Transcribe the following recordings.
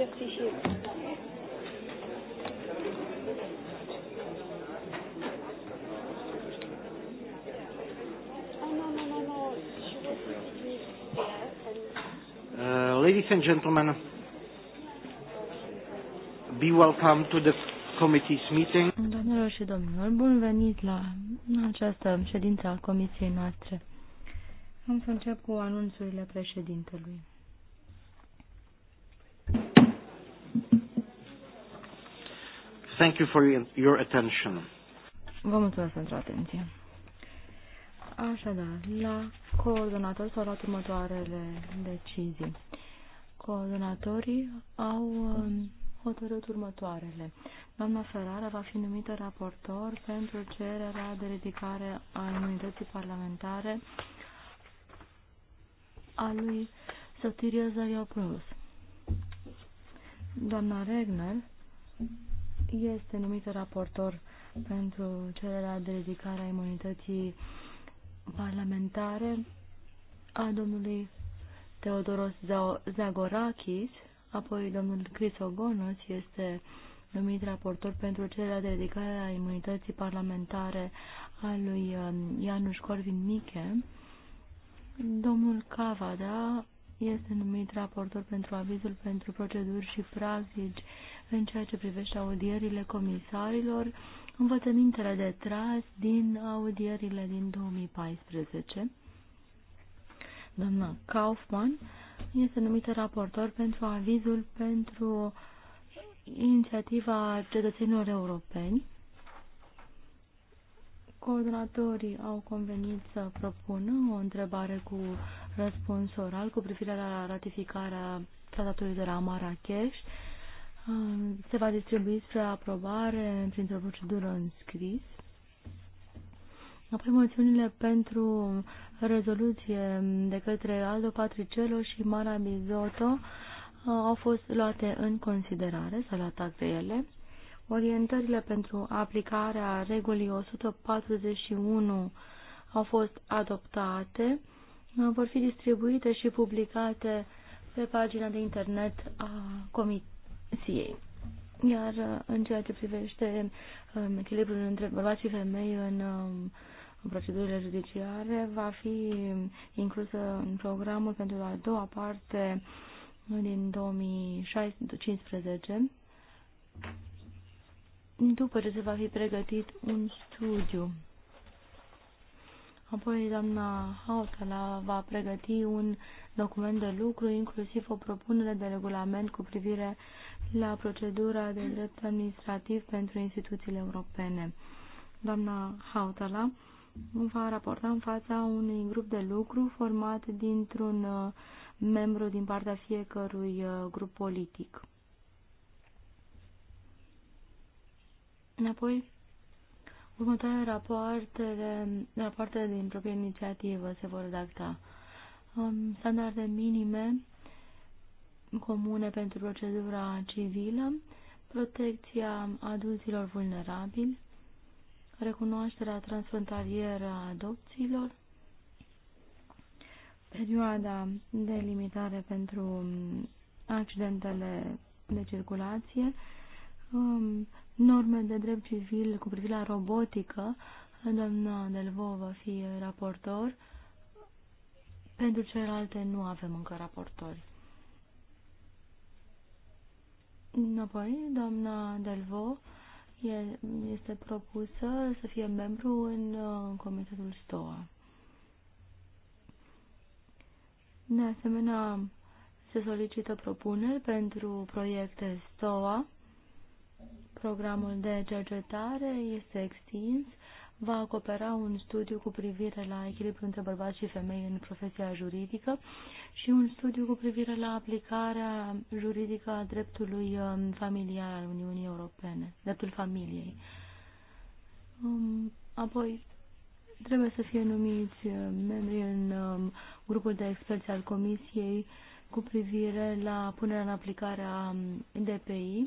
Uh, ladies and gentlemen, be welcome to the committee's meeting. Domnilor și domnilor, bun venit la această ședință a comisiei noastre. Am să încep cu anunțurile președintelui. Thank you for your attention. Vă mulțumesc pentru atenție. Așadar, la coordonator s-au luat următoarele decizii. Coordonatorii au um, hotărât următoarele. Doamna Ferrara va fi numită raportor pentru cererea de ridicare a imunității parlamentare a lui Sotiria Zarioprus. Doamna Regner este numită raportor pentru cererea de ridicare a imunității parlamentare a domnului Teodoros Zagorakis, apoi domnul Crisogonos este numit raportor pentru cererea de ridicare a imunității parlamentare a lui um, Ianuș Corvin Miche. Domnul Cavada este numit raportor pentru avizul pentru proceduri și practici în ceea ce privește audierile comisarilor, învățămintele de tras din audierile din 2014. Doamna Kaufmann este numită raportor pentru avizul pentru inițiativa cetățenilor europeni. Coordonatorii au convenit să propună o întrebare cu răspuns oral cu privire la ratificarea tratatului de la Marrakesh se va distribui spre aprobare printr-o procedură în scris. Apoi moțiunile pentru rezoluție de către Aldo Patricello și Mara Bizotto uh, au fost luate în considerare, s-au luat de ele. Orientările pentru aplicarea regulii 141 au fost adoptate, uh, vor fi distribuite și publicate pe pagina de internet a Comitetului Siei. Iar uh, în ceea ce privește um, echilibrul între bărbați și femei în um, în procedurile judiciare va fi inclusă în programul pentru a doua parte din 2015, după ce se va fi pregătit un studiu. Apoi doamna Hautala va pregăti un document de lucru, inclusiv o propunere de regulament cu privire la procedura de drept administrativ pentru instituțiile europene. Doamna Hautala va raporta în fața unui grup de lucru format dintr-un uh, membru din partea fiecărui uh, grup politic. Înapoi, următoarele rapoarte, rapoarte din proprie inițiativă se vor redacta. Um, standarde minime comune pentru procedura civilă, protecția adulților vulnerabili, recunoașterea transfrontalieră a adopțiilor, perioada de limitare pentru um, accidentele de circulație, um, norme de drept civil cu privire la robotică, doamna Delvo va fi raportor, pentru celelalte nu avem încă raportori. Apoi, doamna Delvo este propusă să fie membru în uh, comitetul STOA. De asemenea, se solicită propuneri pentru proiecte STOA. Programul de cercetare este extins va acopera un studiu cu privire la echilibru între bărbați și femei în profesia juridică și un studiu cu privire la aplicarea juridică a dreptului um, familial al Uniunii Europene, dreptul familiei. Um, apoi, trebuie să fie numiți uh, membri în um, grupul de experți al Comisiei cu privire la punerea în aplicare a DPI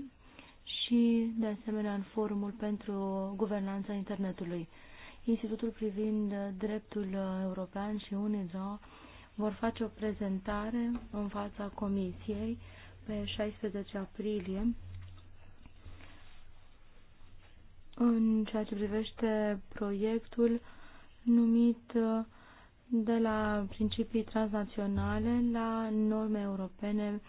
și, de asemenea, în forumul pentru guvernanța internetului. Institutul privind dreptul european și UNIZO vor face o prezentare în fața Comisiei pe 16 aprilie în ceea ce privește proiectul numit de la principii transnaționale la norme europene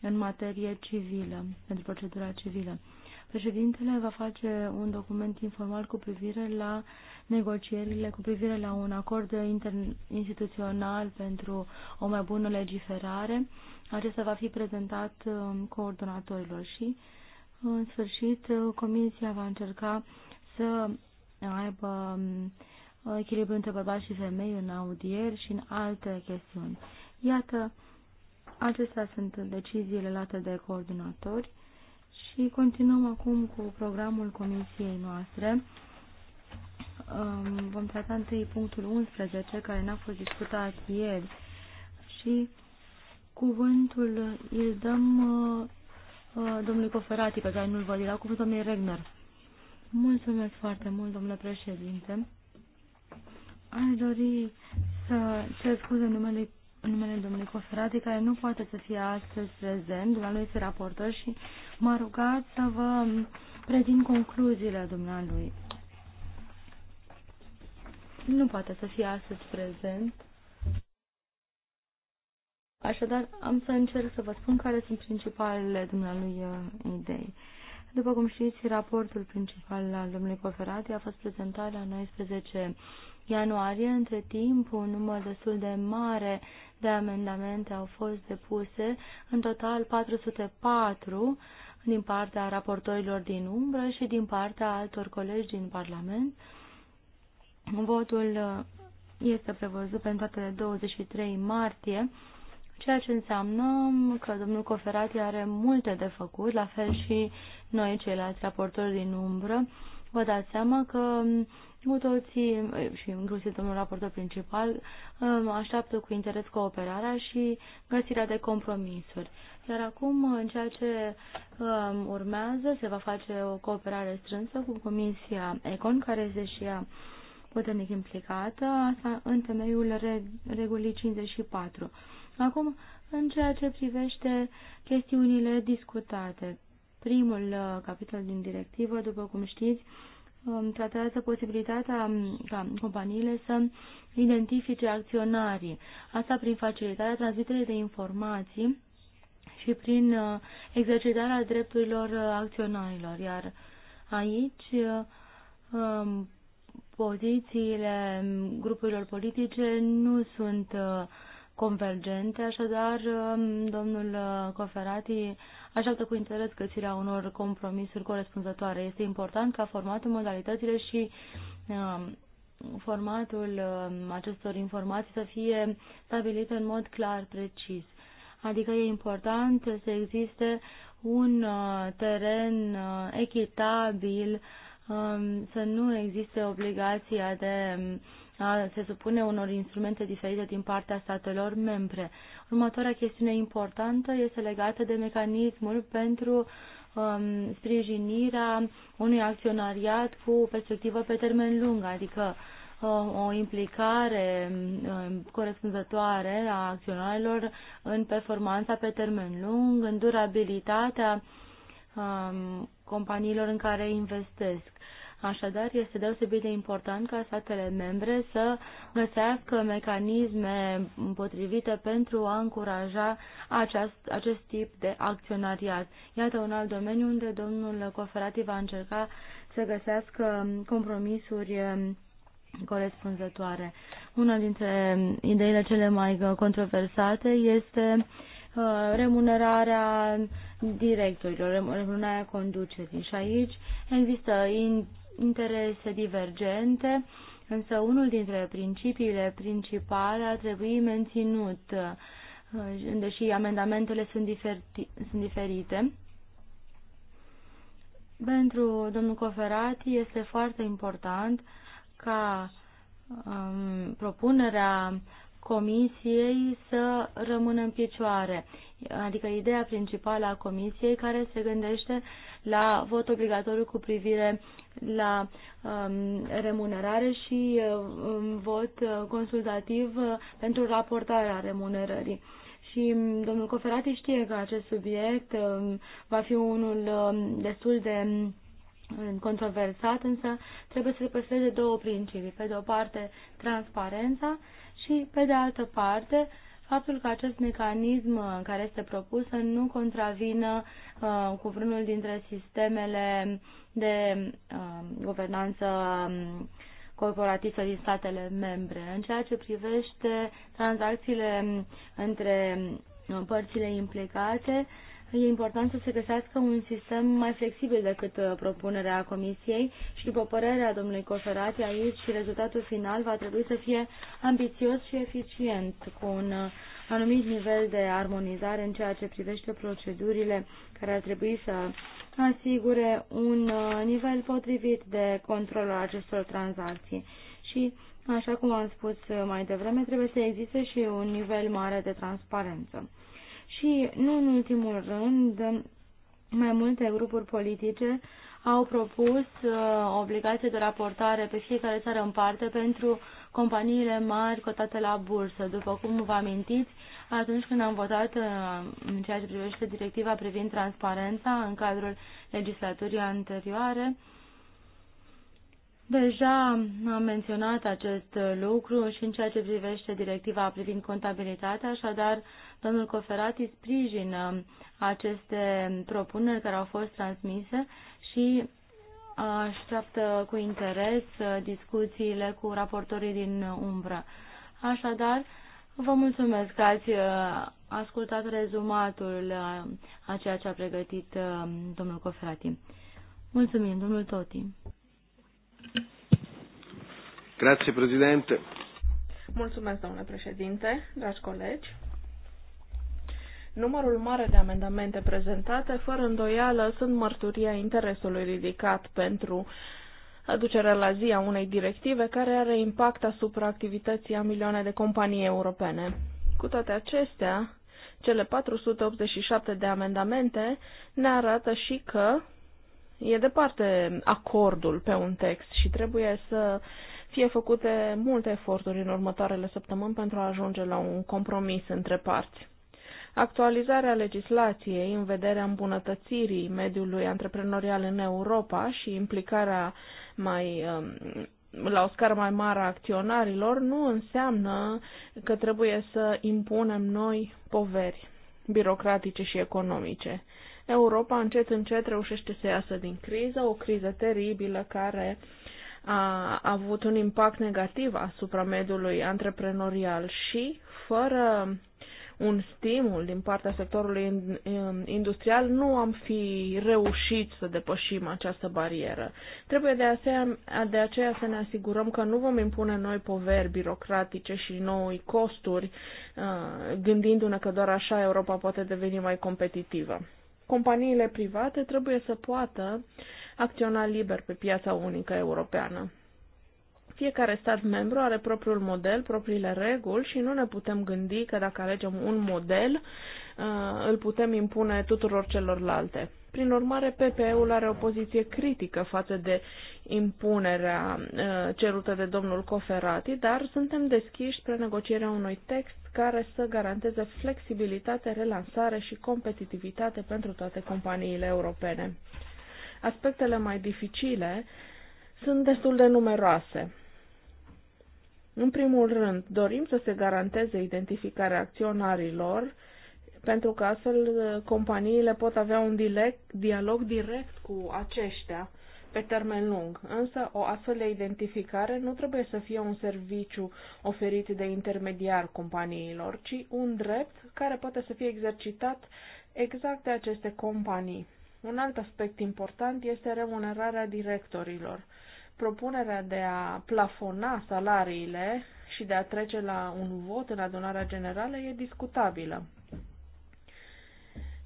în materie civilă, pentru procedura civilă. Președintele va face un document informal cu privire la negocierile, cu privire la un acord interinstituțional pentru o mai bună legiferare. Acesta va fi prezentat um, coordonatorilor și, în sfârșit, Comisia va încerca să aibă um, echilibru între bărbați și femei în audieri și în alte chestiuni. Iată Acestea sunt deciziile luate de coordonatori și continuăm acum cu programul comisiei noastre. Um, vom trata întâi punctul 11, care n-a fost discutat ieri și cuvântul îl dăm uh, uh, domnului Coferati, pe care nu-l văd, la cuvântul domnului Regner. Mulțumesc foarte mult, domnule președinte. Aș dori să cer scuze numele în numele domnului Coferati, care nu poate să fie astăzi prezent, dumneavoastră este raportor și m-a rugat să vă prezint concluziile dumnealui. Nu poate să fie astăzi prezent. Așadar, am să încerc să vă spun care sunt principalele dumnealui uh, idei. După cum știți, raportul principal al domnului Coferati a fost prezentarea 19 ianuarie. Între timp, un număr destul de mare de amendamente au fost depuse, în total 404 din partea raportorilor din umbră și din partea altor colegi din Parlament. Votul uh, este prevăzut pentru data de 23 martie, ceea ce înseamnă că domnul Coferati are multe de făcut, la fel și noi ceilalți raportori din umbră vă dați seama că cu toții, și inclusiv domnul raportor principal, um, așteaptă cu interes cooperarea și găsirea de compromisuri. Iar acum, în ceea ce um, urmează, se va face o cooperare strânsă cu Comisia ECON, care este și ea puternic implicată, asta în temeiul regulii 54. Acum, în ceea ce privește chestiunile discutate, primul uh, capitol din directivă, după cum știți, um, tratează posibilitatea um, ca companiile să identifice acționarii. Asta prin facilitarea transmiterii de informații și prin uh, exercitarea drepturilor uh, acționarilor. Iar aici um, pozițiile grupurilor politice nu sunt convergente, așadar domnul Coferati așteaptă cu interes găsirea unor compromisuri corespunzătoare. Este important ca formatul, modalitățile și um, formatul um, acestor informații să fie stabilit în mod clar, precis. Adică e important să existe un uh, teren uh, echitabil, um, să nu existe obligația de se supune unor instrumente diferite din partea statelor membre. Următoarea chestiune importantă este legată de mecanismul pentru um, sprijinirea unui acționariat cu perspectivă pe termen lung, adică uh, o implicare um, corespunzătoare a acționarilor în performanța pe termen lung, în durabilitatea um, companiilor în care investesc. Așadar, este deosebit de important ca statele membre să găsească mecanisme potrivite pentru a încuraja aceast, acest tip de acționariat. Iată un alt domeniu unde domnul Coferati va încerca să găsească compromisuri um, corespunzătoare. Una dintre ideile cele mai controversate este uh, remunerarea directorilor, remunerarea conducerii. Și aici există interese divergente, însă unul dintre principiile principale a trebui menținut, uh, deși amendamentele sunt, diferi, sunt diferite. Pentru domnul Coferati este foarte important ca um, propunerea comisiei să rămână în picioare adică ideea principală a Comisiei care se gândește la vot obligatoriu cu privire la um, remunerare și um, vot uh, consultativ uh, pentru raportarea remunerării. Și um, domnul Coferati știe că acest subiect um, va fi unul um, destul de um, controversat, însă trebuie să păstreze două principii. Pe de o parte, transparența și, pe de altă parte, uh, faptul că acest mecanism uh, care este propus să nu contravină uh, cu vreunul dintre sistemele de uh, guvernanță um, corporatistă din statele membre. În ceea ce privește tranzacțiile um, între uh, părțile implicate, uh, E important să se găsească un sistem mai flexibil decât uh, propunerea Comisiei și, după părerea domnului Coferati, aici și rezultatul final va trebui să fie ambițios și eficient, cu un uh, anumit nivel de armonizare în ceea ce privește procedurile care ar trebui să asigure un uh, nivel potrivit de control al acestor tranzacții. Și, așa cum am spus mai devreme, trebuie să existe și un nivel mare de transparență. Și, nu în ultimul rând, mai multe grupuri politice au propus uh, obligație de raportare pe fiecare țară în parte pentru companiile mari cotate la bursă. După cum vă amintiți, atunci când am votat uh, în ceea ce privește directiva privind transparența în cadrul legislaturii anterioare, Deja am menționat acest lucru și în ceea ce privește directiva privind contabilitatea, așadar Domnul Coferati sprijină aceste propuneri care au fost transmise și așteaptă cu interes discuțiile cu raportorii din umbră. Așadar, vă mulțumesc că ați uh, ascultat rezumatul uh, a ceea ce a pregătit uh, domnul Coferati. Mulțumim, domnul Toti. Grazie, președinte. Mulțumesc, domnule președinte, dragi colegi. Numărul mare de amendamente prezentate, fără îndoială, sunt mărturia interesului ridicat pentru aducerea la zi a unei directive care are impact asupra activității a milioane de companii europene. Cu toate acestea, cele 487 de amendamente ne arată și că e departe acordul pe un text și trebuie să fie făcute multe eforturi în următoarele săptămâni pentru a ajunge la un compromis între parți. Actualizarea legislației în vederea îmbunătățirii mediului antreprenorial în Europa și implicarea mai um, la o scară mai mare a acționarilor nu înseamnă că trebuie să impunem noi poveri birocratice și economice. Europa încet încet reușește să iasă din criză, o criză teribilă care a avut un impact negativ asupra mediului antreprenorial și fără un stimul din partea sectorului industrial, nu am fi reușit să depășim această barieră. Trebuie de aceea, de aceea să ne asigurăm că nu vom impune noi poveri birocratice și noi costuri, uh, gândindu-ne că doar așa Europa poate deveni mai competitivă. Companiile private trebuie să poată acționa liber pe piața unică europeană. Fiecare stat membru are propriul model, propriile reguli și nu ne putem gândi că dacă alegem un model, uh, îl putem impune tuturor celorlalte. Prin urmare, PPE-ul are o poziție critică față de impunerea uh, cerută de domnul Coferati, dar suntem deschiși spre negocierea unui text care să garanteze flexibilitate, relansare și competitivitate pentru toate companiile europene. Aspectele mai dificile sunt destul de numeroase. În primul rând, dorim să se garanteze identificarea acționarilor, pentru că astfel uh, companiile pot avea un direct, dialog direct cu aceștia pe termen lung. Însă, o astfel de identificare nu trebuie să fie un serviciu oferit de intermediar companiilor, ci un drept care poate să fie exercitat exact de aceste companii. Un alt aspect important este remunerarea directorilor propunerea de a plafona salariile și de a trece la un vot în adunarea generală e discutabilă.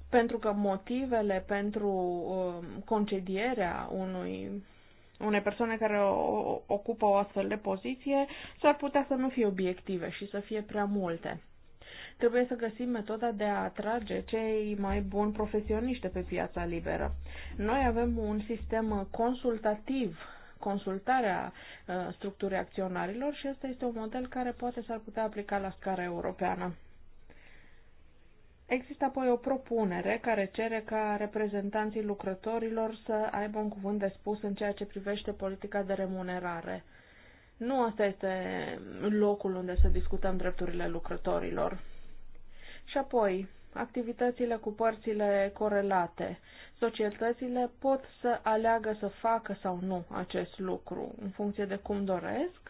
Pentru că motivele pentru um, concedierea unui, unei persoane care o, ocupă o astfel de poziție s-ar putea să nu fie obiective și să fie prea multe. Trebuie să găsim metoda de a atrage cei mai buni profesioniști pe piața liberă. Noi avem un sistem consultativ consultarea uh, structurii acționarilor și ăsta este un model care poate s-ar putea aplica la scară europeană. Există apoi o propunere care cere ca reprezentanții lucrătorilor să aibă un cuvânt de spus în ceea ce privește politica de remunerare. Nu asta este locul unde să discutăm drepturile lucrătorilor. Și apoi, activitățile cu părțile corelate. Societățile pot să aleagă să facă sau nu acest lucru în funcție de cum doresc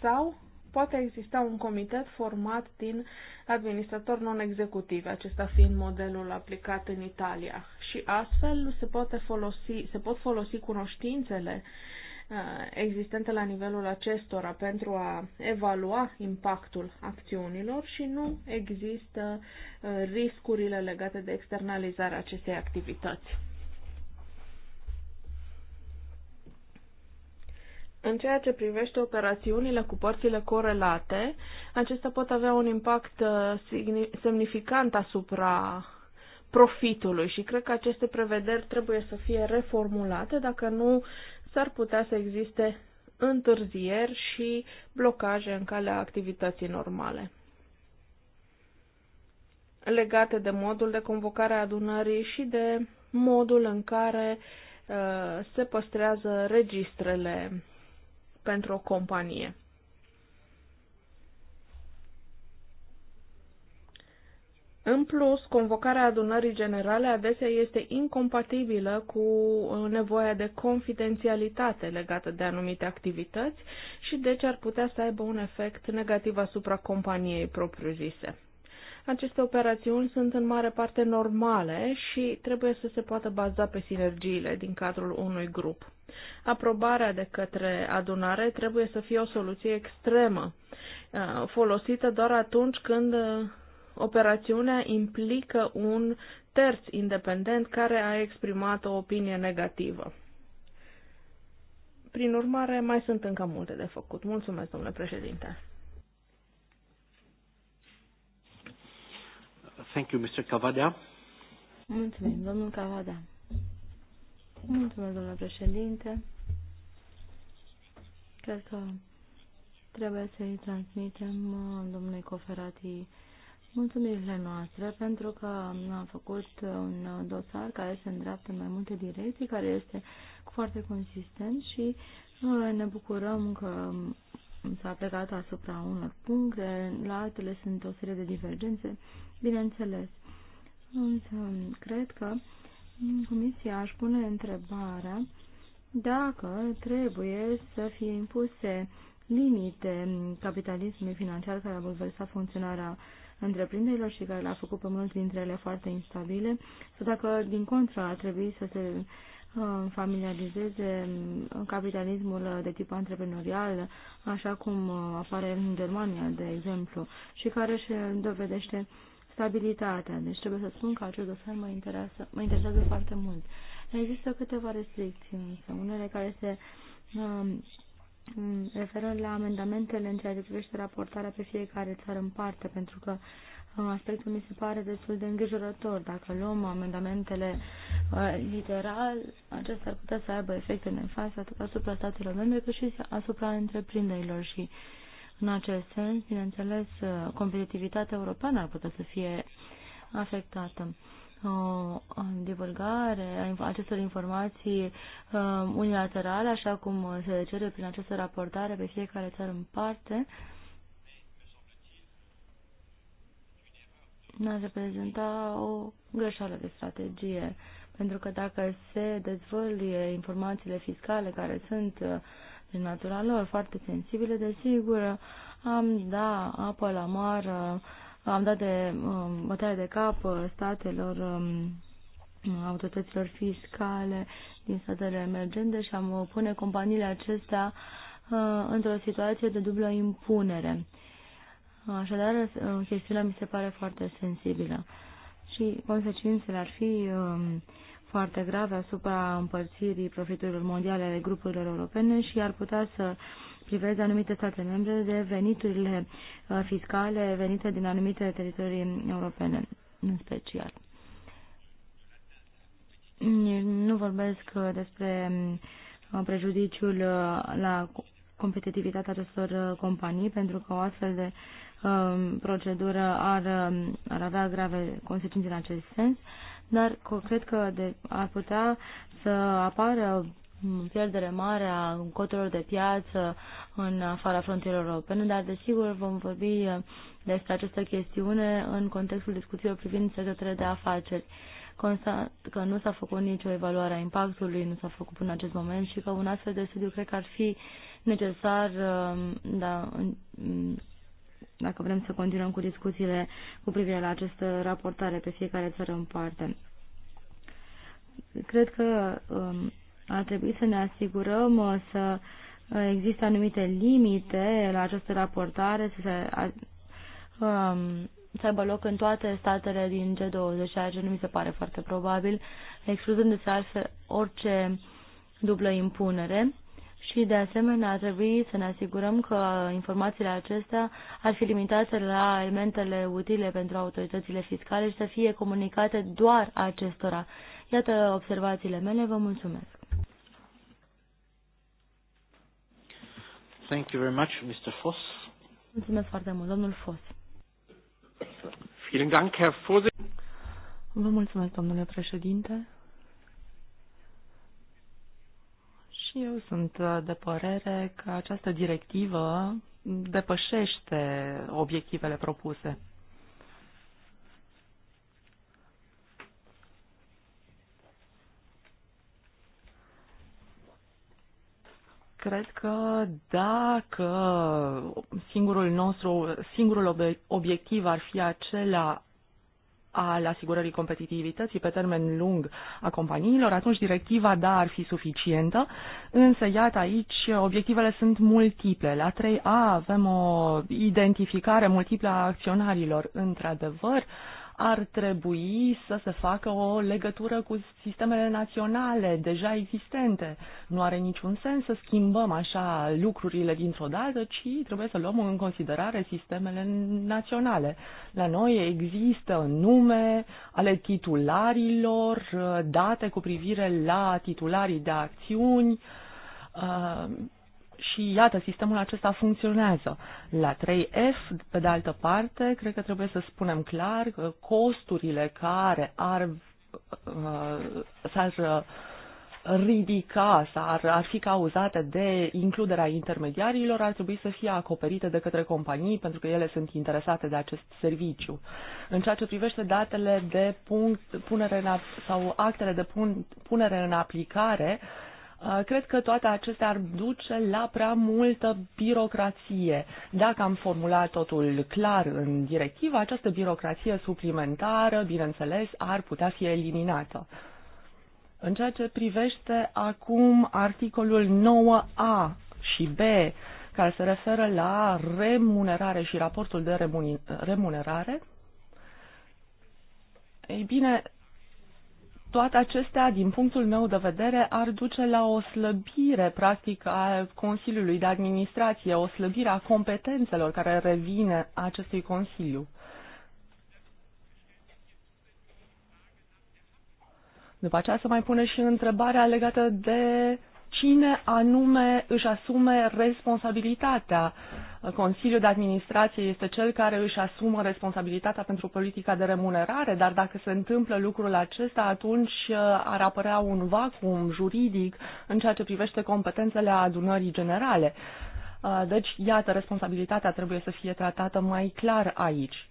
sau poate exista un comitet format din administratori non-executivi, acesta fiind modelul aplicat în Italia. Și astfel se, poate folosi, se pot folosi cunoștințele Uh, existente la nivelul acestora pentru a evalua impactul acțiunilor și nu există uh, riscurile legate de externalizarea acestei activități. În ceea ce privește operațiunile cu părțile corelate, acestea pot avea un impact uh, semnificant asupra profitului și cred că aceste prevederi trebuie să fie reformulate dacă nu s-ar putea să existe întârzieri și blocaje în calea activității normale legate de modul de convocare a adunării și de modul în care uh, se păstrează registrele pentru o companie. În plus, convocarea adunării generale adesea este incompatibilă cu uh, nevoia de confidențialitate legată de anumite activități și deci ar putea să aibă un efect negativ asupra companiei propriu-zise. Aceste operațiuni sunt în mare parte normale și trebuie să se poată baza pe sinergiile din cadrul unui grup. Aprobarea de către adunare trebuie să fie o soluție extremă, uh, folosită doar atunci când uh, operațiunea implică un terț independent care a exprimat o opinie negativă. Prin urmare, mai sunt încă multe de făcut. Mulțumesc, domnule președinte. Thank you, Mr. Cavada. Mulțumim, domnul Cavada. Mulțumesc, domnule președinte. Cred că trebuie să-i transmitem uh, domnului Coferati mulțumirile noastre pentru că am făcut un dosar care se îndreaptă în mai multe direcții, care este foarte consistent și uh, ne bucurăm că s-a plecat asupra unor puncte, la altele sunt o serie de divergențe, bineînțeles. Însă, cred că Comisia aș pune întrebarea dacă trebuie să fie impuse limite capitalismului financiar care a bulversat funcționarea uh, întreprinderilor și care le-a făcut pe mulți dintre ele foarte instabile, sau dacă, din contră, a trebuit să se uh, familiarizeze capitalismul de tip antreprenorial, așa cum uh, apare în Germania, de exemplu, și care își dovedește stabilitatea. Deci trebuie să spun că acest dosar mă, interesează, mă interesează foarte mult. Există câteva restricții, însă, unele care se uh, Mm, referă la amendamentele în ceea ce privește raportarea pe fiecare țară în parte, pentru că uh, aspectul mi se pare destul de îngrijorător. Dacă luăm amendamentele uh, literal, acestea ar putea să aibă efecte nefaste atât asupra statelor membre cât și asupra întreprinderilor și în acest sens, bineînțeles, uh, competitivitatea europeană ar putea să fie afectată divulgare a acestor informații um, unilaterale, așa cum se cere prin această raportare pe fiecare țară în parte, n-ar reprezenta o greșeală de strategie, pentru că dacă se dezvăluie informațiile fiscale care sunt uh, din natura lor foarte sensibile, desigur, am da apă la mare uh, am dat de um, bătaie de cap uh, statelor, um, autorităților fiscale din statele emergente și am uh, pune companiile acestea uh, într-o situație de dublă impunere. Așadar, chestiunea mi se pare foarte sensibilă și consecințele ar fi um, foarte grave asupra împărțirii profiturilor mondiale ale grupurilor europene și ar putea să uh, privez anumite state membre de veniturile uh, fiscale venite din anumite teritorii europene în special. Nu vorbesc uh, despre uh, prejudiciul la competitivitatea acestor companii, pentru că o astfel de um, procedură ar, um, ar avea grave consecințe în acest sens, dar cred că de, ar putea să apară pierdere mare a cotelor de piață în afara frontierelor europene, dar desigur vom vorbi uh, despre această chestiune în contextul discuțiilor privind secretele de afaceri. Constat că nu s-a făcut nicio evaluare a impactului, nu s-a făcut până în acest moment și că un astfel de studiu cred că ar fi necesar uh, da, mm, dacă vrem să continuăm cu discuțiile cu privire la această raportare pe fiecare țară în parte. Cred că um, ar trebui să ne asigurăm uh, să uh, există anumite limite la această raportare, să se um, să aibă loc în toate statele din G20, ceea ce nu mi se pare foarte probabil, excluzând de astfel orice dublă impunere. Și, de asemenea, ar trebui să ne asigurăm că informațiile acestea ar fi limitate la elementele utile pentru autoritățile fiscale și să fie comunicate doar acestora. Iată observațiile mele, vă mulțumesc. Thank you very much, Mr. Foss. Mulțumesc foarte mult, domnul Foss. Vielen Dank, Herr Vorsitzender. Vă mulțumesc, domnule președinte. Și eu sunt de părere că această directivă depășește obiectivele propuse. cred că dacă singurul nostru, singurul obiectiv ar fi acela al asigurării competitivității pe termen lung a companiilor, atunci directiva, da, ar fi suficientă, însă, iată, aici obiectivele sunt multiple. La 3A avem o identificare multiplă a acționarilor, într-adevăr, uh, ar trebui să se facă o legătură cu sistemele naționale deja existente. Nu are niciun sens să schimbăm așa lucrurile dintr-o dată, ci trebuie să luăm în considerare sistemele naționale. La noi există nume ale titularilor, date cu privire la titularii de acțiuni, uh, și iată, sistemul acesta funcționează. La 3F, pe de altă parte, cred că trebuie să spunem clar că costurile care ar uh, s-ar uh, ridica, s-ar, ar fi cauzate de includerea intermediarilor, ar trebui să fie acoperite de către companii, pentru că ele sunt interesate de acest serviciu. În ceea ce privește datele de punct, punere în, sau actele de pun, punere în aplicare, Uh, cred că toate acestea ar duce la prea multă birocrație. Dacă am formulat totul clar în directivă, această birocrație suplimentară, bineînțeles, ar putea fi eliminată. În ceea ce privește acum articolul 9a și b, care se referă la remunerare și raportul de remunerare, ei bine, toate acestea, din punctul meu de vedere, ar duce la o slăbire, practică a Consiliului de Administrație, o slăbire a competențelor care revine acestui Consiliu. După aceea se mai pune și întrebarea legată de cine anume își asume responsabilitatea uh, Consiliul de Administrație este cel care își asumă responsabilitatea pentru politica de remunerare, dar dacă se întâmplă lucrul acesta, atunci uh, ar apărea un vacuum juridic în ceea ce privește competențele adunării generale. Uh, deci, iată, responsabilitatea trebuie să fie tratată mai clar aici.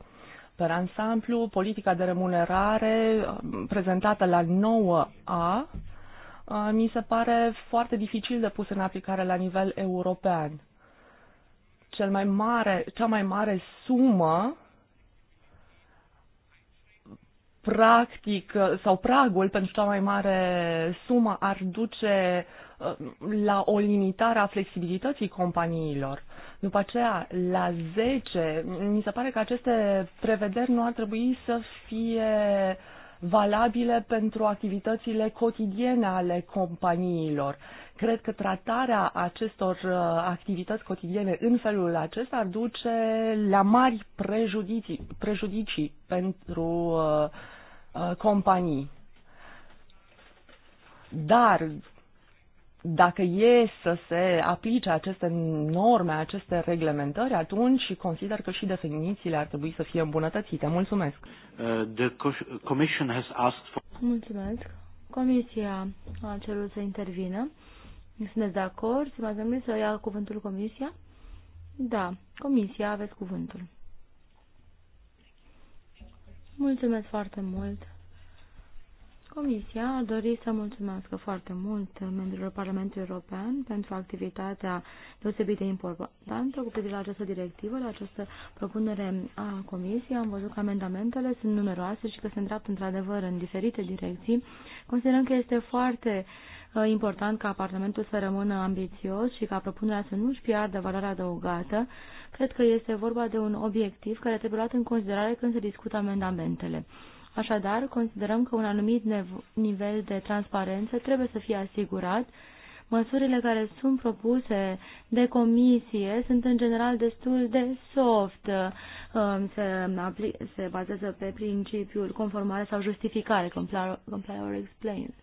Per ansamblu, politica de remunerare uh, prezentată la 9A mi se pare foarte dificil de pus în aplicare la nivel european cel mai mare, cea mai mare sumă practic sau pragul pentru cea mai mare sumă ar duce uh, la o limitare a flexibilității companiilor. După aceea, la 10, mi se pare că aceste prevederi nu ar trebui să fie valabile pentru activitățile cotidiene ale companiilor. Cred că tratarea acestor uh, activități cotidiene în felul acesta duce la mari prejudicii, prejudicii pentru uh, uh, companii. Dar dacă e să se aplice aceste norme, aceste reglementări, atunci consider că și definițiile ar trebui să fie îmbunătățite. Mulțumesc. Uh, the commission has asked for... Mulțumesc. Comisia a cerut să intervină. Sunteți de acord? mă domnule, să ia cuvântul comisia? Da, comisia, aveți cuvântul. Mulțumesc foarte mult. Comisia a dorit să mulțumească foarte mult membrilor Parlamentului European pentru activitatea deosebit de importantă cu privire la această directivă, la această propunere a Comisiei. Am văzut că amendamentele sunt numeroase și că se îndreaptă într-adevăr în diferite direcții. Considerăm că este foarte uh, Uh, important ca Parlamentul să rămână ambițios și ca propunerea să nu-și piardă valoarea adăugată. Cred că este vorba de un obiectiv care trebuie luat în considerare când se discută amendamentele. Așadar, considerăm că un anumit nivel de transparență trebuie să fie asigurat Măsurile care sunt propuse de comisie sunt în general destul de soft, um, se, se bazează pe principiul conformare sau justificare, comply or explain.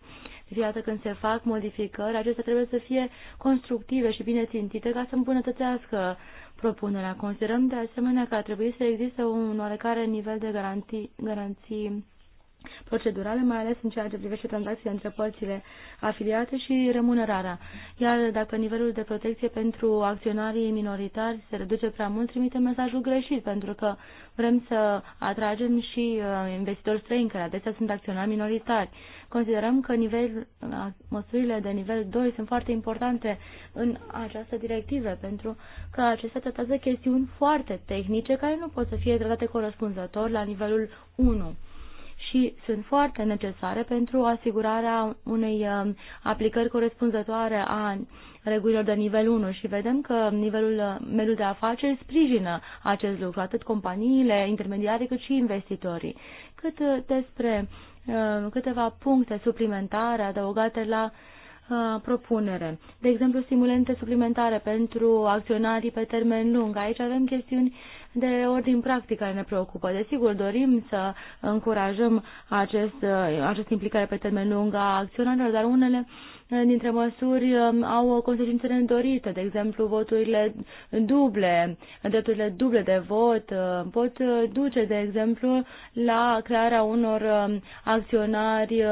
De fiecare când se fac modificări, acestea trebuie să fie constructive și bine țintite ca să îmbunătățească propunerea. Considerăm de asemenea că ar trebui să existe un oarecare nivel de garantii, garanții procedurale, mai ales în ceea ce privește tranzacțiile între părțile afiliate și remunerarea. Iar dacă nivelul de protecție pentru acționarii minoritari se reduce prea mult, trimite mesajul greșit, pentru că vrem să atragem și uh, investitori străini, care adesea sunt acționari minoritari. Considerăm că nivel, măsurile de nivel 2 sunt foarte importante în această directivă, pentru că acestea tratează chestiuni foarte tehnice care nu pot să fie tratate corespunzător la nivelul 1 și sunt foarte necesare pentru asigurarea unei uh, aplicări corespunzătoare a regulilor de nivel 1 și vedem că nivelul uh, mediul de afaceri sprijină acest lucru, atât companiile, intermediare, cât și investitorii. Cât uh, despre câteva puncte suplimentare adăugate la propunere. De exemplu, stimulente suplimentare pentru acționarii pe termen lung. Aici avem chestiuni uh, de ordin practic care ne preocupă. Desigur, dorim să încurajăm acest, această implicare pe termen lung a acționarilor, dar unele uh, dintre măsuri um, au consecințe nedorită, de exemplu voturile duble, drepturile duble de vot uh, pot uh, duce, de exemplu, la crearea unor um, acționari uh,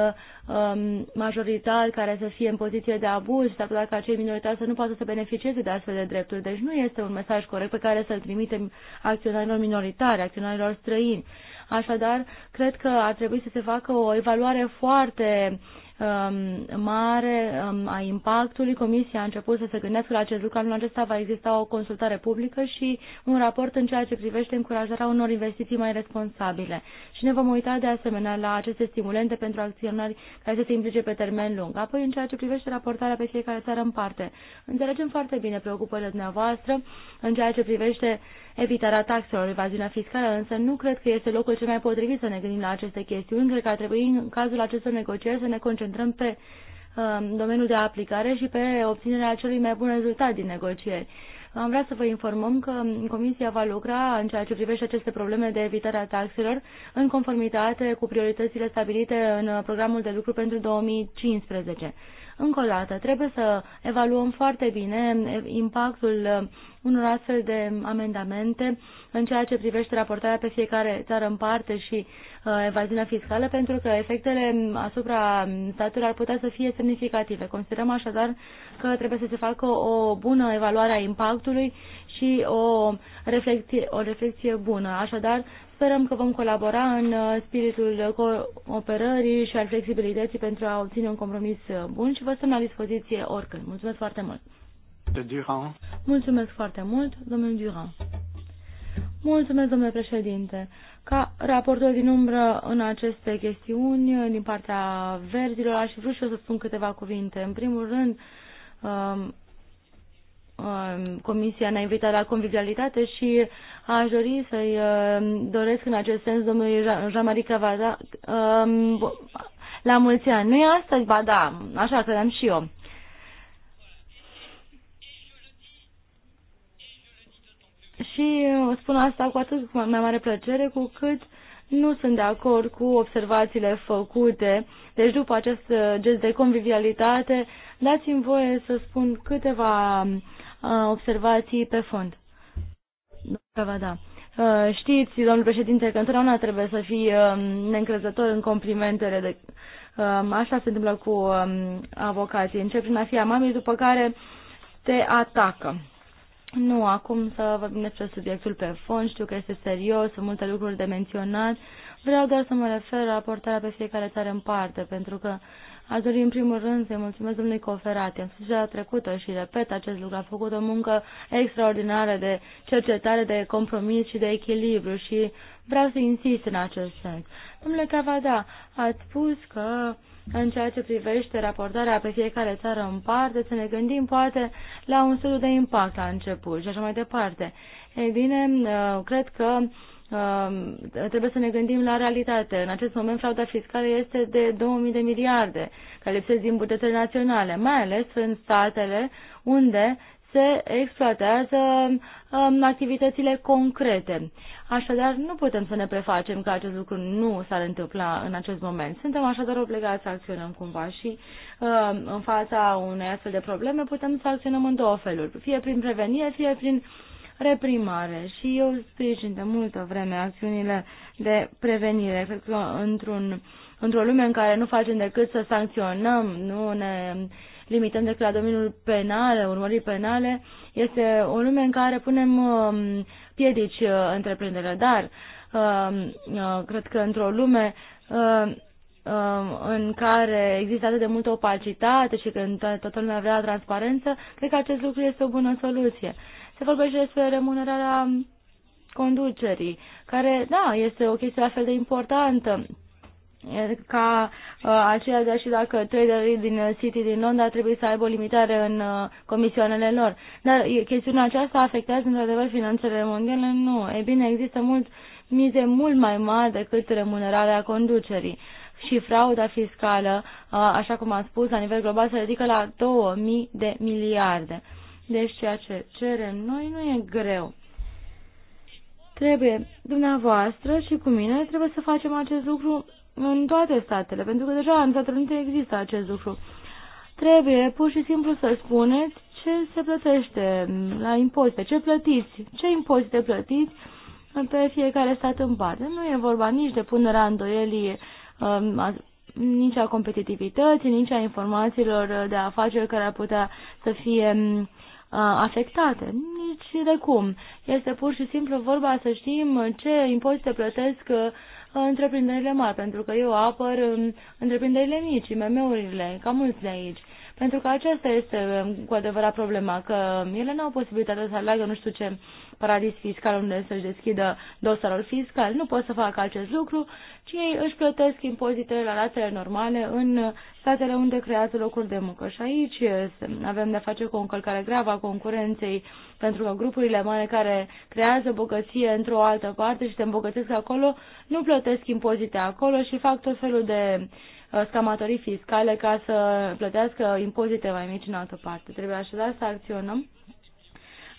um, majoritari care să fie în poziție de abuz dar dacă acei cei minoritari să nu poată să beneficieze de astfel de drepturi. Deci nu este un mesaj corect pe care să-l trimitem acționarilor minoritari, acționarilor străini. Așadar, cred că ar trebui să se facă o evaluare foarte Um, mare um, a impactului. Comisia a început să se gândească la acest lucru. Anul acesta va exista o consultare publică și un raport în ceea ce privește încurajarea unor investiții mai responsabile. Și ne vom uita de asemenea la aceste stimulente pentru acționari care să se implice pe termen lung. Apoi, în ceea ce privește raportarea pe fiecare țară în parte, înțelegem foarte bine preocupările dumneavoastră în ceea ce privește evitarea taxelor, evaziunea fiscală, însă nu cred că este locul cel mai potrivit să ne gândim la aceste chestiuni. Cred că ar trebui, în cazul acestor negocieri, să ne concentrăm concentrăm pe um, domeniul de aplicare și pe obținerea celui mai bun rezultat din negocieri. Am vrea să vă informăm că Comisia va lucra în ceea ce privește aceste probleme de evitare a taxelor în conformitate cu prioritățile stabilite în programul de lucru pentru 2015. Încă o dată, trebuie să evaluăm foarte bine impactul unor astfel de amendamente în ceea ce privește raportarea pe fiecare țară în parte și uh, evaziunea fiscală, pentru că efectele asupra statului ar putea să fie semnificative. Considerăm așadar că trebuie să se facă o bună evaluare a impactului și o reflecție, o reflecție bună. Așadar, Sperăm că vom colabora în uh, spiritul cooperării și al flexibilității pentru a obține un compromis uh, bun și vă stăm la dispoziție oricând. Mulțumesc foarte mult! Durand. Mulțumesc foarte mult, domnul Durand. Mulțumesc, domnule președinte. Ca raportor din umbră în aceste chestiuni, din partea verzilor, aș vrea și eu să spun câteva cuvinte. În primul rând, um, um, Comisia ne-a invitat la convivialitate și Aș dori să-i uh, doresc în acest sens domnului Jean-Marie Cavada um, la mulți ani. Nu e astăzi? Ba da, așa credeam și eu. Și uh, spun asta cu atât cu mai mare plăcere, cu cât nu sunt de acord cu observațiile făcute. Deci după acest uh, gest de convivialitate, dați-mi voie să spun câteva observații pe fond. Domnul da. Uh, știți, domnul președinte, că întotdeauna trebuie să fii um, neîncrezător în complimentele. De... Um, așa se întâmplă cu um, avocații. Încep prin a fi mamei, după care te atacă. Nu, acum să vorbim despre subiectul pe fond. Știu că este serios, sunt multe lucruri de menționat. Vreau doar să mă refer la portarea pe fiecare țară în parte, pentru că uh, Aș dori în primul rând să-i mulțumesc domnului Coferati. Am spus deja trecută și repet acest lucru. A făcut o muncă extraordinară de cercetare, de compromis și de echilibru și vreau să insist în acest sens. Domnule Cavada, ați spus că în ceea ce privește raportarea pe fiecare țară în parte, să ne gândim poate la un studiu de impact la început și așa mai departe. Ei bine, uh, cred că Um, trebuie să ne gândim la realitate. În acest moment frauda fiscală este de 2000 de miliarde care lipsesc din bugetele naționale, mai ales în statele unde se exploatează um, activitățile concrete. Așadar, nu putem să ne prefacem că acest lucru nu s-ar întâmpla în acest moment. Suntem așadar obligați să acționăm cumva și um, în fața unei astfel de probleme putem să acționăm în două feluri, fie prin prevenire, fie prin uh, reprimare și eu sprijin de multă vreme acțiunile de prevenire. Cred că într-un, într-o lume în care nu facem decât să sancționăm, nu ne limităm decât la domeniul penal, urmării penale, este o lume în care punem um, piedici uh, întreprinderile. Dar um, uh, cred că într-o lume uh, um, în care există atât de multă opacitate și când toată lumea vrea transparență, cred că acest lucru este o bună soluție. Se vorbește despre remunerarea conducerii, care, da, este o chestie la fel de importantă ca uh, aceea de și dacă traderii din City din Londra trebuie să aibă o limitare în uh, comisioanele lor. Dar chestiunea aceasta afectează într-adevăr finanțele mondiale? Nu. E bine, există mult, mize mult mai mari decât remunerarea conducerii. Și frauda fiscală, uh, așa cum am spus, la nivel global se ridică la 2000 de miliarde. Deci ceea ce cerem noi nu e greu. Trebuie dumneavoastră și cu mine trebuie să facem acest lucru în toate statele, pentru că deja în Statele nu există acest lucru. Trebuie pur și simplu să spuneți ce se plătește la impozite, ce plătiți, ce impozite plătiți pe fiecare stat în parte. Nu e vorba nici de punerea îndoielii, um, nici a competitivității, nici a informațiilor de afaceri care ar putea să fie um, Uh, afectate. Nici de cum. Este pur și simplu vorba să știm ce impozite plătesc uh, întreprinderile mari, pentru că eu apăr um, întreprinderile mici, IMM-urile, cam mulți de aici. Pentru că aceasta este um, cu adevărat problema, că ele nu au posibilitatea să aleagă nu știu ce paradis fiscal unde să-și deschidă dosarul fiscal. Nu pot să facă acest lucru, ci ei își plătesc impozitele la ratele normale în statele unde creează locuri de muncă. Și aici avem de-a face cu o încălcare gravă a concurenței, pentru că grupurile mari care creează bogăție într-o altă parte și se îmbogățesc acolo, nu plătesc impozite acolo și fac tot felul de uh, Uh, scamatorii fiscale ca să plătească impozite mai mici în altă parte. Trebuie așadar să acționăm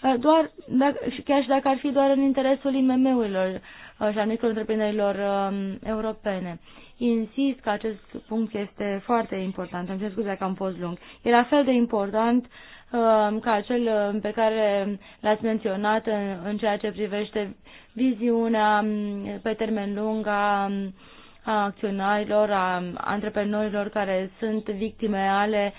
uh, doar, dacă, chiar și dacă ar fi doar în interesul IMM-urilor uh, și a micro-întreprinderilor um, europene. Insist că acest punct este foarte important. Îmi cer scuze dacă am fost lung. E la fel de important um, ca cel um, pe care l-ați menționat în, în ceea ce privește viziunea pe termen lung a a acționarilor, a antreprenorilor care sunt victime ale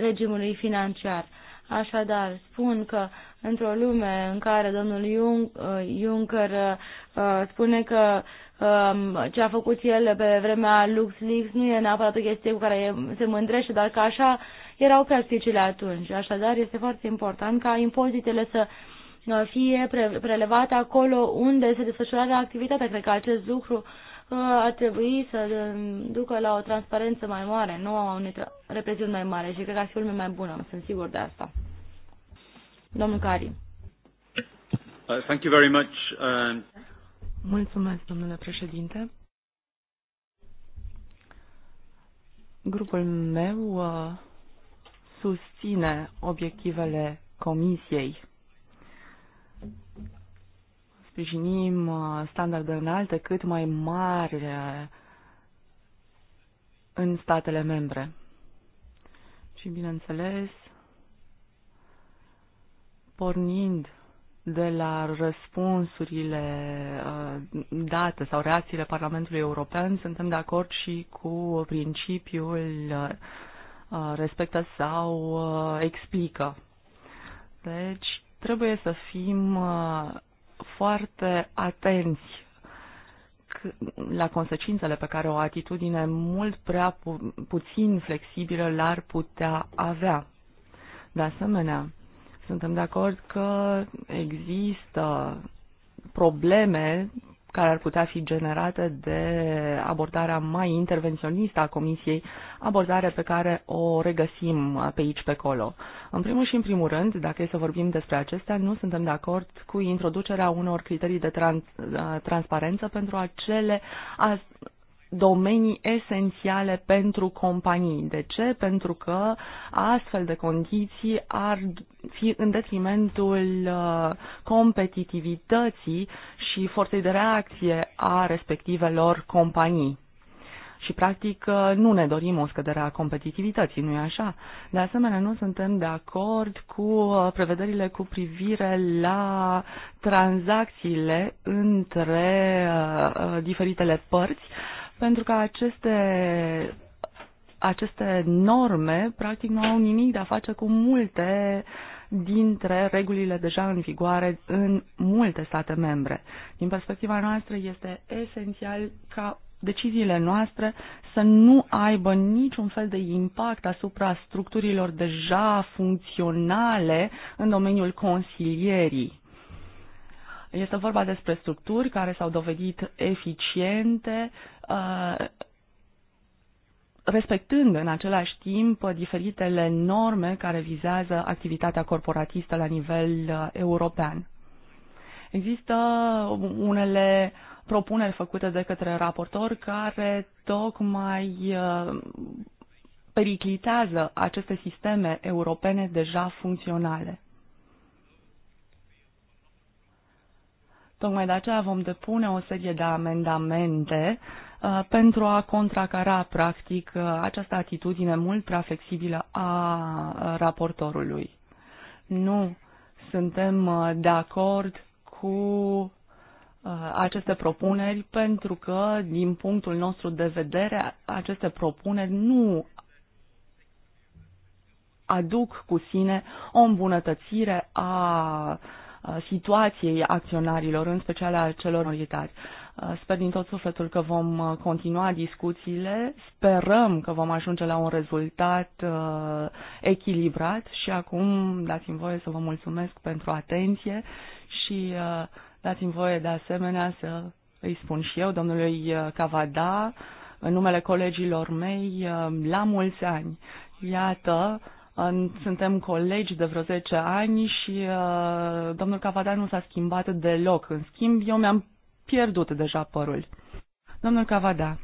regimului financiar. Așadar, spun că într-o lume în care domnul Jung, uh, Juncker uh, spune că um, ce a făcut el pe vremea LuxLeaks nu e neapărat o chestie cu care se mândrește, dar că așa erau practicile atunci. Așadar, este foarte important ca impozitele să uh, fie prelevate acolo unde se desfășurează activitatea. Cred că acest lucru ar trebui să ducă la o transparență mai mare, nu a unei represiuni mai mare și cred că ar fi o lume mai bună, sunt sigur de asta. Domnul Cari. Uh, thank you very much. Uh... Mulțumesc, domnule președinte. Grupul meu uh, susține obiectivele comisiei sprijinim uh, standarde înalte cât mai mari uh, în statele membre. Și, bineînțeles, pornind de la răspunsurile uh, date sau reacțiile Parlamentului European, suntem de acord și cu principiul respectă sau explică. Deci, trebuie să fim foarte atenți la consecințele pe care o atitudine mult prea pu- puțin flexibilă l-ar putea avea. De asemenea, suntem de acord că există probleme care ar putea fi generate de abordarea mai intervenționistă a Comisiei, abordare pe care o regăsim pe aici, pe acolo. În primul și în primul rând, dacă e să vorbim despre acestea, nu suntem de acord cu introducerea unor criterii de trans- transparență pentru acele domenii esențiale pentru companii. De ce? Pentru că astfel de condiții ar fi în detrimentul uh, competitivității și forței de reacție a respectivelor companii. Și, practic, uh, nu ne dorim o scădere a competitivității, nu-i așa? De asemenea, nu suntem de acord cu uh, prevederile cu privire la tranzacțiile între diferitele părți, pentru că aceste aceste norme practic nu au nimic de a face cu multe dintre regulile deja în vigoare în multe state membre. Din perspectiva noastră este esențial ca deciziile noastre să nu aibă niciun fel de impact asupra structurilor deja funcționale în domeniul consilierii. Este vorba despre structuri care s-au dovedit eficiente, uh, respectând în același timp diferitele norme care vizează activitatea corporatistă la nivel uh, european. Există unele propuneri făcute de către raportor care tocmai uh, periclitează aceste sisteme europene deja funcționale. Tocmai de aceea vom depune o serie de amendamente uh, pentru a contracara, practic, uh, această atitudine mult prea flexibilă a uh, raportorului. Nu suntem de acord cu aceste propuneri pentru că, din punctul nostru de vedere, aceste propuneri nu aduc cu sine o îmbunătățire a uh, Uh, situației acționarilor, în special a celor minoritari. Uh, sper din tot sufletul că vom uh, continua discuțiile, sperăm că vom ajunge la un rezultat uh, echilibrat și acum dați-mi voie să vă mulțumesc pentru atenție și uh, dați-mi voie de asemenea să îi spun și eu, domnului Cavada, în numele colegilor mei, la mulți ani. Iată, suntem colegi de vreo 10 ani și uh, domnul Cavada nu s-a schimbat deloc. În schimb, eu mi-am pierdut deja părul. Domnul Cavada.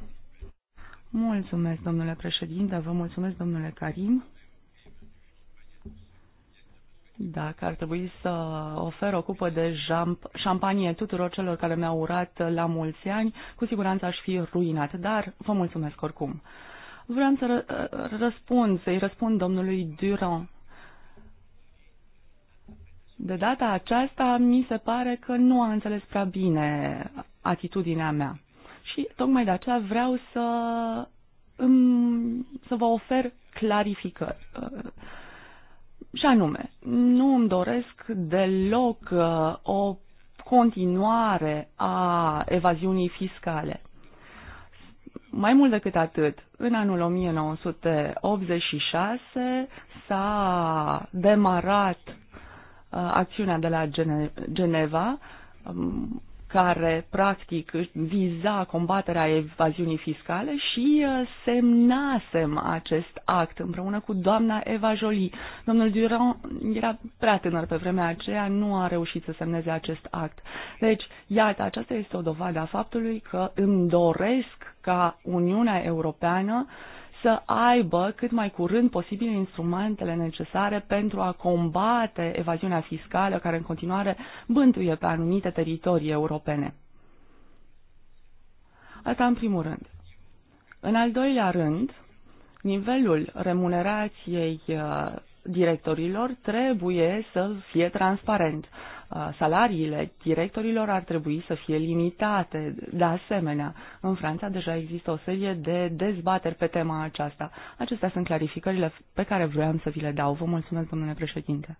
Mulțumesc, domnule președinte, vă mulțumesc, domnule Karim. Dacă ar trebui să ofer o cupă de șampanie tuturor celor care mi-au urat la mulți ani, cu siguranță aș fi ruinat, dar vă mulțumesc oricum. Vreau să ră, răspund, să-i răspund domnului Durand. De data aceasta, mi se pare că nu a înțeles prea bine atitudinea mea. Și tocmai de aceea vreau să, îmi, să vă ofer clarificări. Și anume, nu îmi doresc deloc uh, o continuare a evaziunii fiscale. Mai mult decât atât, în anul 1986 s-a demarat uh, acțiunea de la Geneva um, care practic viza combaterea evaziunii fiscale și uh, semnasem acest act împreună cu doamna Eva Jolie. Domnul Durand era prea tânăr pe vremea aceea, nu a reușit să semneze acest act. Deci, iată, aceasta este o dovadă a faptului că îmi doresc ca Uniunea Europeană uh, să aibă cât mai curând posibil instrumentele necesare pentru a combate evaziunea fiscală care în continuare bântuie pe anumite teritorii europene. Asta în primul rând. În al doilea rând, nivelul remunerației uh, directorilor trebuie să fie transparent salariile directorilor ar trebui să fie limitate. De asemenea, în Franța deja există o serie de dezbateri pe tema aceasta. Acestea sunt clarificările pe care vroiam să vi le dau. Vă mulțumesc, domnule președinte.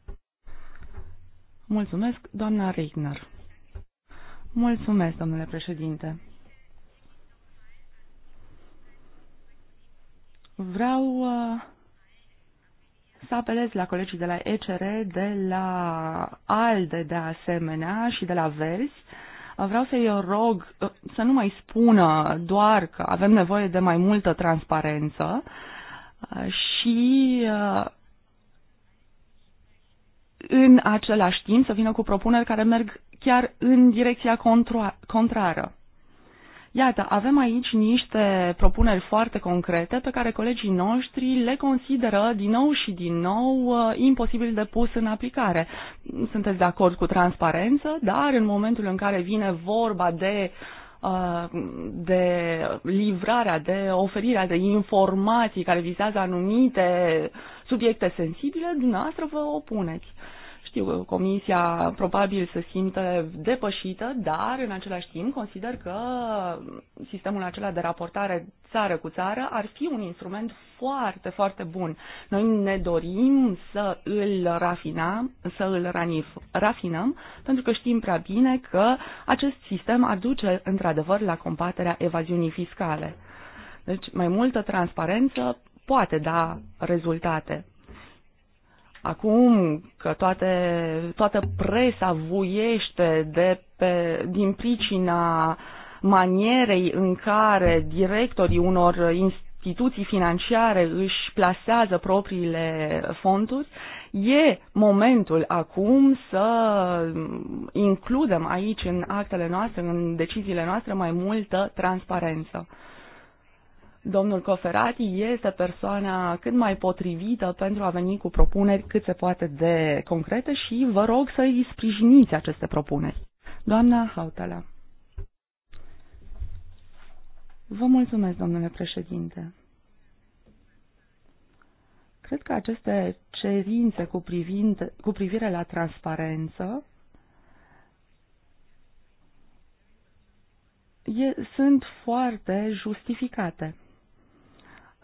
Mulțumesc, doamna Reigner. Mulțumesc, domnule președinte. Vreau uh, să apelez la colegii de la ECR, de la ALDE de asemenea și de la VELS. Vreau să-i rog uh, să nu mai spună doar că avem nevoie de mai multă transparență uh, și uh, în același timp să vină cu propuneri care merg chiar în direcția contra- contrară. Iată, avem aici niște propuneri foarte concrete pe care colegii noștri le consideră din nou și din nou uh, imposibil de pus în aplicare. Sunteți de acord cu transparență, dar în momentul în care vine vorba de uh, de livrarea, de oferirea de informații care vizează anumite subiecte sensibile, dumneavoastră vă opuneți. Știu, comisia probabil se simte depășită, dar în același timp consider că sistemul acela de raportare țară cu țară ar fi un instrument foarte, foarte bun. Noi ne dorim să îl rafinăm, să îl ranif, rafinăm, pentru că știm prea bine că acest sistem aduce într-adevăr la combaterea evaziunii fiscale. Deci mai multă transparență poate da rezultate. Acum că toate, toată presa vuiește de pe, din pricina manierei în care directorii unor instituții financiare își plasează propriile fonduri, e momentul acum să includem aici în actele noastre, în deciziile noastre, mai multă transparență. Domnul Coferati este persoana cât mai potrivită pentru a veni cu propuneri cât se poate de concrete și vă rog să îi sprijiniți aceste propuneri. Doamna Hautala. Vă mulțumesc, domnule președinte. Cred că aceste cerințe cu, privind, cu privire la transparență e, sunt foarte justificate.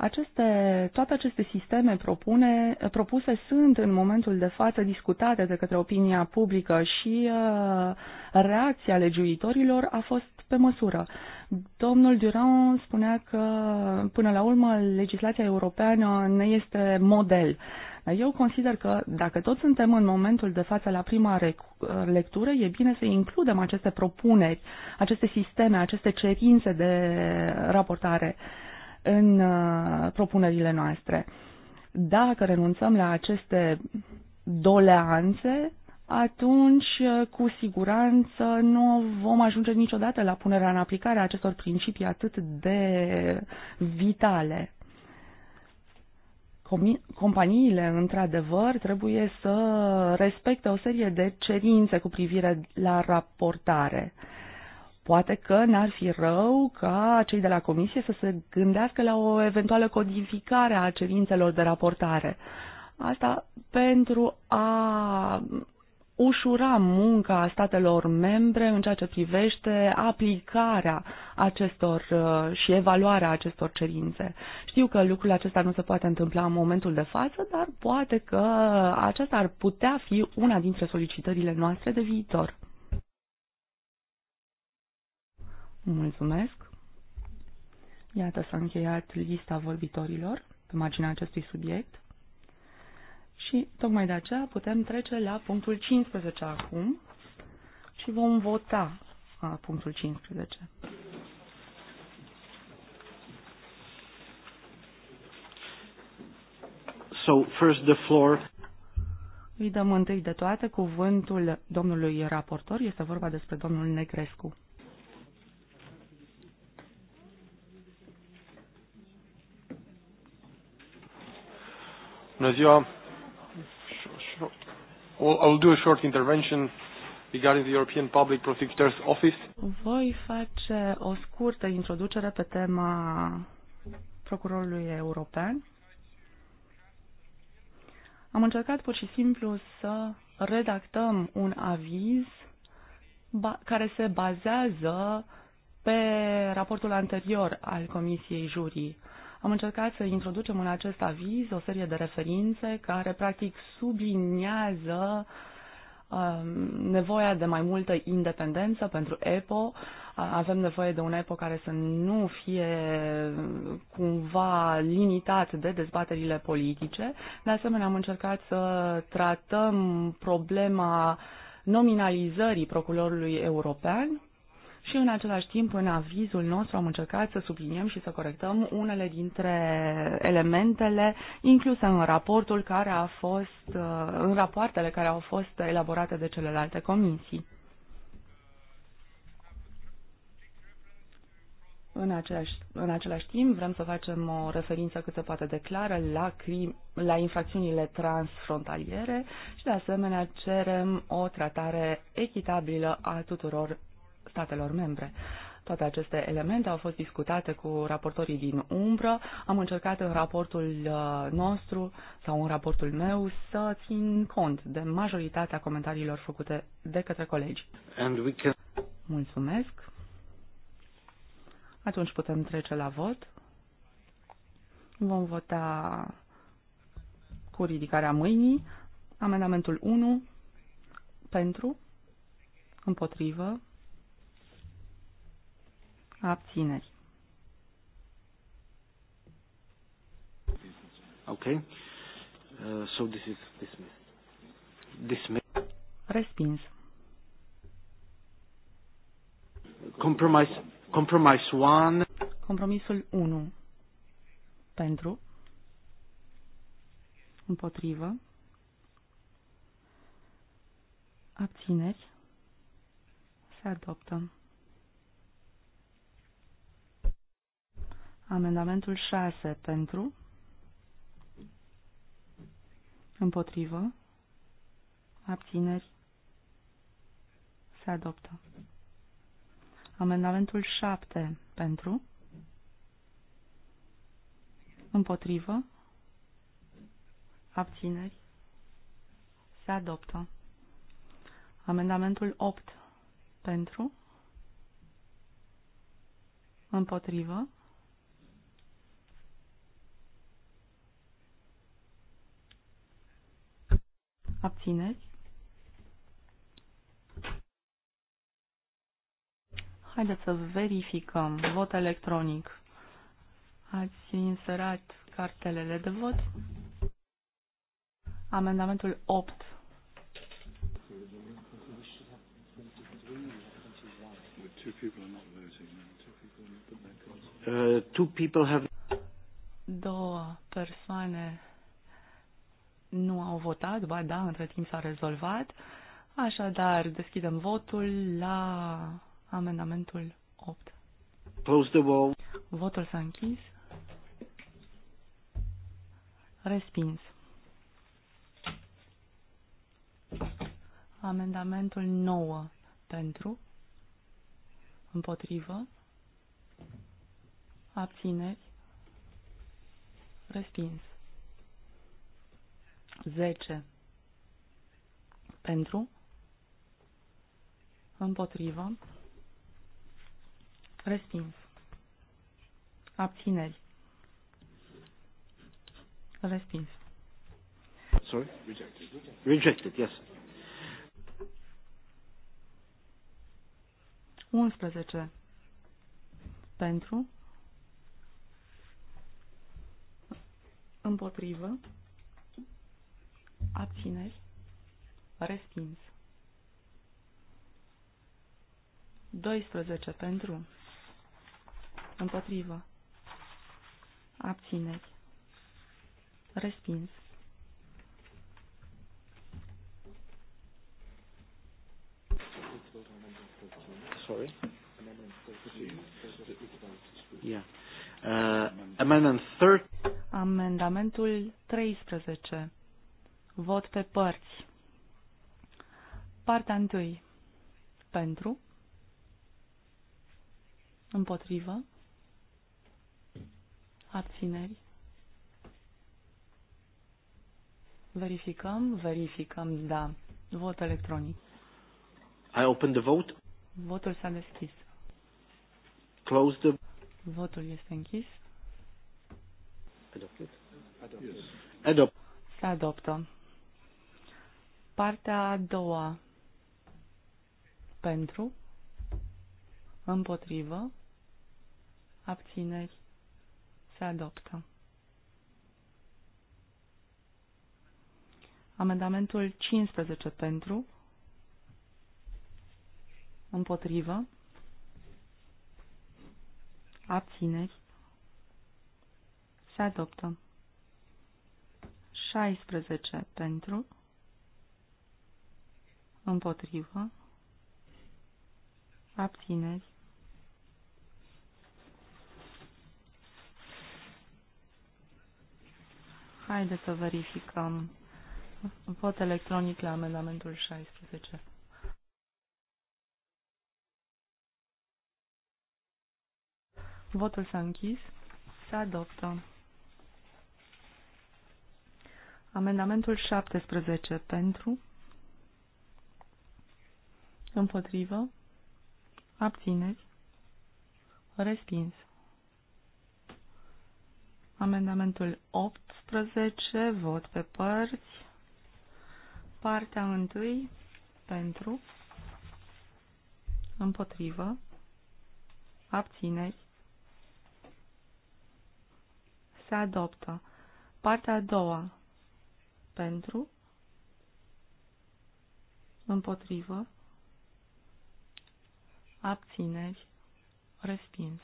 Aceste, toate aceste sisteme propune, propuse sunt în momentul de față discutate de către opinia publică și uh, reacția legiuitorilor a fost pe măsură. Domnul Durand spunea că, până la urmă, legislația europeană ne este model. Eu consider că dacă toți suntem în momentul de față la prima lectură, e bine să includem aceste propuneri, aceste sisteme, aceste cerințe de raportare uh, în uh, propunerile noastre. Dacă renunțăm la aceste doleanțe, atunci uh, cu siguranță nu vom ajunge niciodată la punerea în aplicare a acestor principii atât de vitale. Companiile, într-adevăr, trebuie să respecte o serie de cerințe cu privire la raportare. Poate că n-ar fi rău ca cei de la comisie să se gândească la o eventuală codificare a cerințelor de raportare. Asta pentru a ușura munca statelor membre în ceea ce privește aplicarea acestor uh, și evaluarea acestor cerințe. Știu că lucrul acesta nu se poate întâmpla în momentul de față, dar poate că aceasta ar putea fi una dintre solicitările noastre de viitor. Mulțumesc. Iată s-a încheiat lista vorbitorilor pe marginea acestui subiect. Și tocmai de aceea putem trece la punctul 15 acum și vom vota punctul 15. So, first the floor. Îi dăm întâi de toate cuvântul domnului raportor, este vorba despre domnul Negrescu. Bună ziua. I will do a short intervention regarding the European Public Prosecutor's Office. Voi face o scurtă introducere pe tema procurorului european. Am încercat pur și simplu să redactăm un aviz care se bazează pe raportul anterior al Comisiei Jurii. Am încercat să introducem în acest aviz o serie de referințe care practic subliniază um, nevoia de mai multă independență pentru EPO. Avem nevoie de un EPO care să nu fie cumva limitat de dezbaterile politice. De asemenea, am încercat să tratăm problema nominalizării procurorului european și în același timp în avizul nostru am încercat să subliniem și să corectăm unele dintre elementele incluse în raportul care a fost uh, în rapoartele care au fost elaborate de celelalte comisii. În același, în același timp, vrem să facem o referință cât se poate de clară la, crim, la infracțiunile transfrontaliere și, de asemenea, cerem o tratare echitabilă a tuturor statelor membre. Toate aceste elemente au fost discutate cu raportorii din umbră. Am încercat în raportul uh, nostru sau în raportul meu să țin cont de majoritatea comentariilor făcute de către colegi. Can... Mulțumesc. Atunci putem trece la vot. Vom vota cu ridicarea mâinii amendamentul 1 pentru, împotrivă, abțineri. Ok. Uh, so this is dismissed. Dismissed. Respins. Compromise, compromise one. Compromisul 1. Pentru. Împotrivă. Abțineri. Se adoptă. Amendamentul 6 pentru, împotrivă, abțineri, se adoptă. Amendamentul 7 pentru, împotrivă, abțineri, se adoptă. Amendamentul 8 pentru, împotrivă, abțineți. Haideți să verificăm. Vot electronic. Ați inserat cartelele de vot? Amendamentul 8. Uh, Două persoane nu au votat, ba da, între timp s-a rezolvat. Așadar, deschidem votul la amendamentul 8. Close the vote. Votul s-a închis. Respins. Amendamentul 9 pentru, împotrivă, abțineri, respins. 10 pentru, împotrivă, respins, abțineri, respins. Sorry? Rejected. Rejected, yes. 11 pentru, împotrivă, abțineri, respins. 12 pentru, împotrivă, abțineri, respins. 13. Uh, Amendamentul 13. Vot pe părți. Partea întâi. Pentru. Împotrivă. Abțineri. Verificăm, verificăm, da. Vot electronic. I open the vote. Votul s-a deschis. Close the... Votul este închis. Adopted. Adopted. Yes. Adopt. Se adoptă. Partea a doua. Pentru. Împotrivă. Abțineri. Se adoptă. Amendamentul 15 pentru. Împotrivă. Abțineri. Se adoptă. 16 pentru împotrivă, abțineri. Haideți să verificăm vot electronic la amendamentul 16. Votul s-a închis. Se adoptă. Amendamentul 17 pentru împotrivă, abțineri, respins. Amendamentul 18, vot pe părți, partea 1, pentru, împotrivă, abțineri, se adoptă. Partea a doua, pentru, împotrivă, abțineri, respins.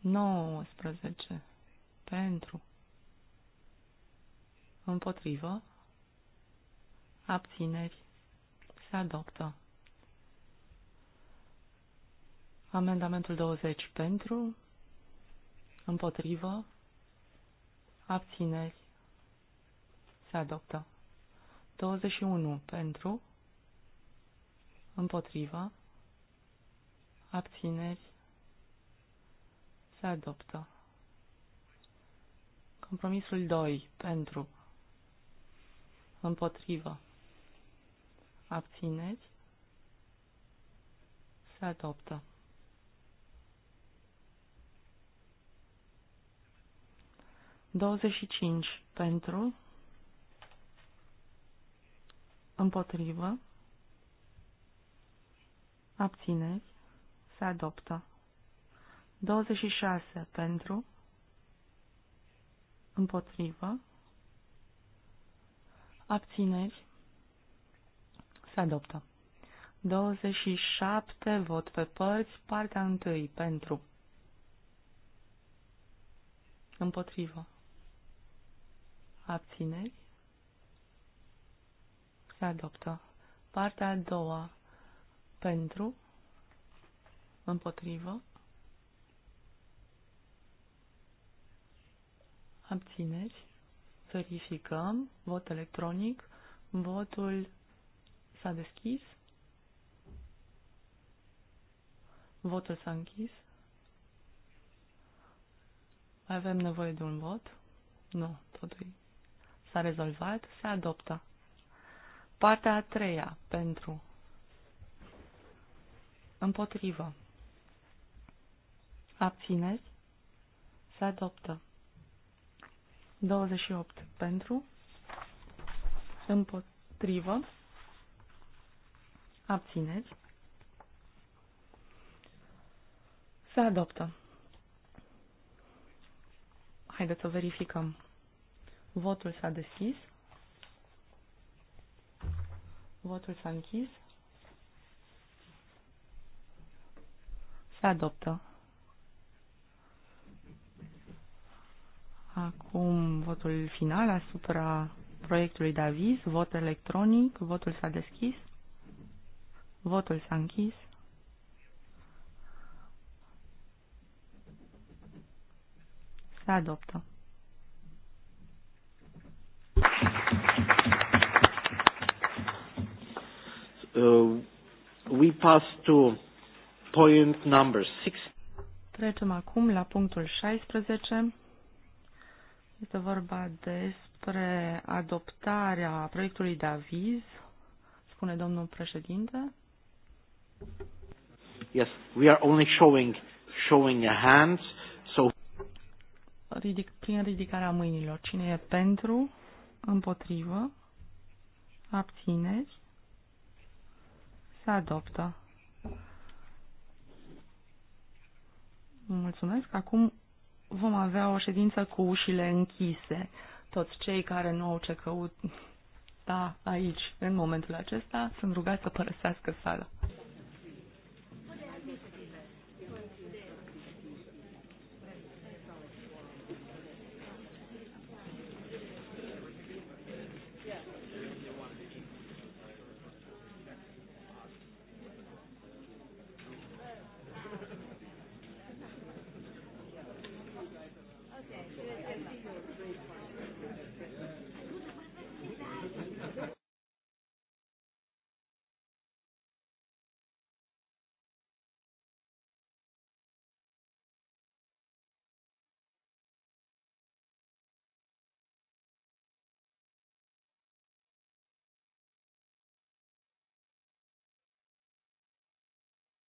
19. Pentru. Împotrivă. Abțineri. Se adoptă. Amendamentul 20. Pentru. Împotrivă. Abțineri. Se adoptă. 21. Pentru împotriva, abțineri, se adoptă. Compromisul 2, pentru, împotriva, abțineri, se adoptă. Douăzeci cinci pentru împotrivă, abțineri, se adoptă. 26 pentru, împotrivă, abțineri, se adoptă. 27 vot pe părți, partea întâi, pentru, împotrivă, abțineri, se adoptă. Partea a doua pentru, împotrivă, abțineri, verificăm, vot electronic, votul s-a deschis, votul s-a închis, avem nevoie de un vot, nu, totul s-a rezolvat, se adoptă. Partea a treia, pentru, Împotrivă. abțineți, Se adoptă. 28 pentru. Împotrivă. abțineți, Se adoptă. Haideți să verificăm. Votul s-a deschis. Votul s-a închis. Se adoptă. Acum votul final asupra proiectului de aviz, vot electronic, votul s-a deschis, votul s-a închis. Se adoptă. Uh, we pass to Point number six. Trecem acum la punctul 16. Este vorba despre adoptarea proiectului de aviz, spune domnul președinte. Yes, we are only showing, showing a hand, so... Ridic, prin ridicarea mâinilor, cine e pentru, împotrivă, abțineri, se adoptă. Mulțumesc. Acum vom avea o ședință cu ușile închise. Toți cei care nu au ce căuta aici în momentul acesta sunt rugați să părăsească sala.